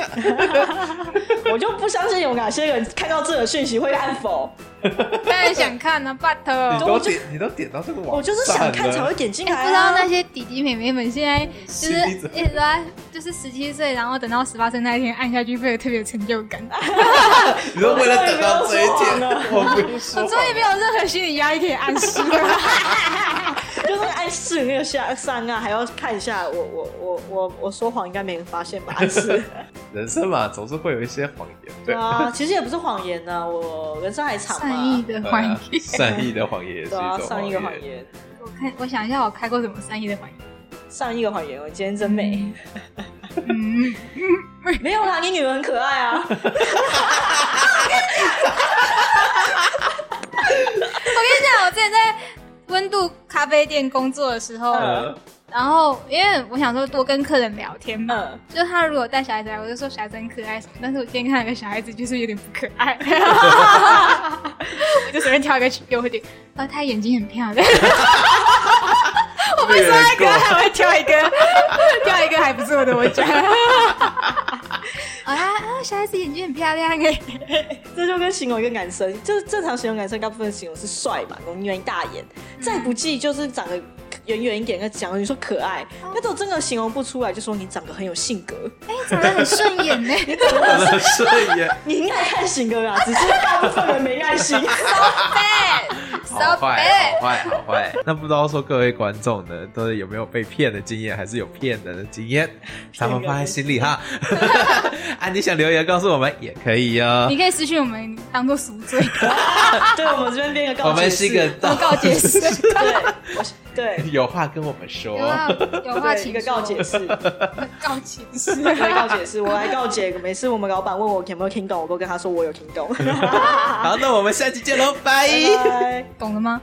我就不相信有哪些人看到這個訊息會按否。 當然想看呢 but 你都點，你都點到這個網，我就是想看才會點進來，啊。你、欸、不知道那些弟弟妹妹們現在就是一來、欸、就是十七歲，然後等到十八歲那一天按下去，會有特別有成就感。 你說為了等到這一天呢？我不是，終 於沒沒有任何心理壓力可以按了。 就是暗示一下，上啊，還要看一下我我我我我說謊應該沒人發現吧？是人生嘛，總是會有一些謊言對。對啊，其實也不是謊言吶、啊，我人生還長善意的謊言，善意的謊言、啊、言也是一種謊言。我看我想一下，我開過什麼善意的謊言？善意的謊言，我今天真美。 嗯， 沒有啦，你女兒很可愛啊。 啊我跟你講， 我跟你講，我之前在溫度咖啡店工作的時候、啊，然後因為我想說多跟客人聊天嘛，就他如果帶小孩子來，我就說小孩子很可愛什麼。但是我今天看那個小孩子就是有點不可愛， 我就隨便挑一個優點，啊，他、呃、眼睛很漂亮。 我會說一個，我會跳一個，跳一個，跳一個，跳一個還不是我的，我覺得。啊、哦、啊，小孩子眼睛很漂亮哎、欸， 這就跟形容一個男生，就是正常形容男生，大部分形容是帥嘛，濃、嗯、眉大眼，再不濟就是長得。遠遠一點的講，你說可愛，那、oh. 我真的形容不出來，就說你長得很有性格，哎、欸，長得很順眼呢， 你怎麼那麼順眼？你應該看性格啊，只是大部分人沒耐心。Super Bad，Super Bad，壞，好壞。好壞 那不知道說各位觀眾呢都有沒有被騙的經驗，還是有騙的、的經驗，經驗 他們放在心裡哈。 啊，你想留言告訴我們也可以哦 你可以私信我們當，當做贖罪。對，我們這邊編個告解師，做 告解師。 對，我是。對，有話跟我們說，有話提話請個告解室、 啊，告解室，告解室，我來告解。每次我們老闆問我有沒有聽懂，我都跟他說我有聽懂。 好，那我們下期見嘍，拜拜，懂了嗎？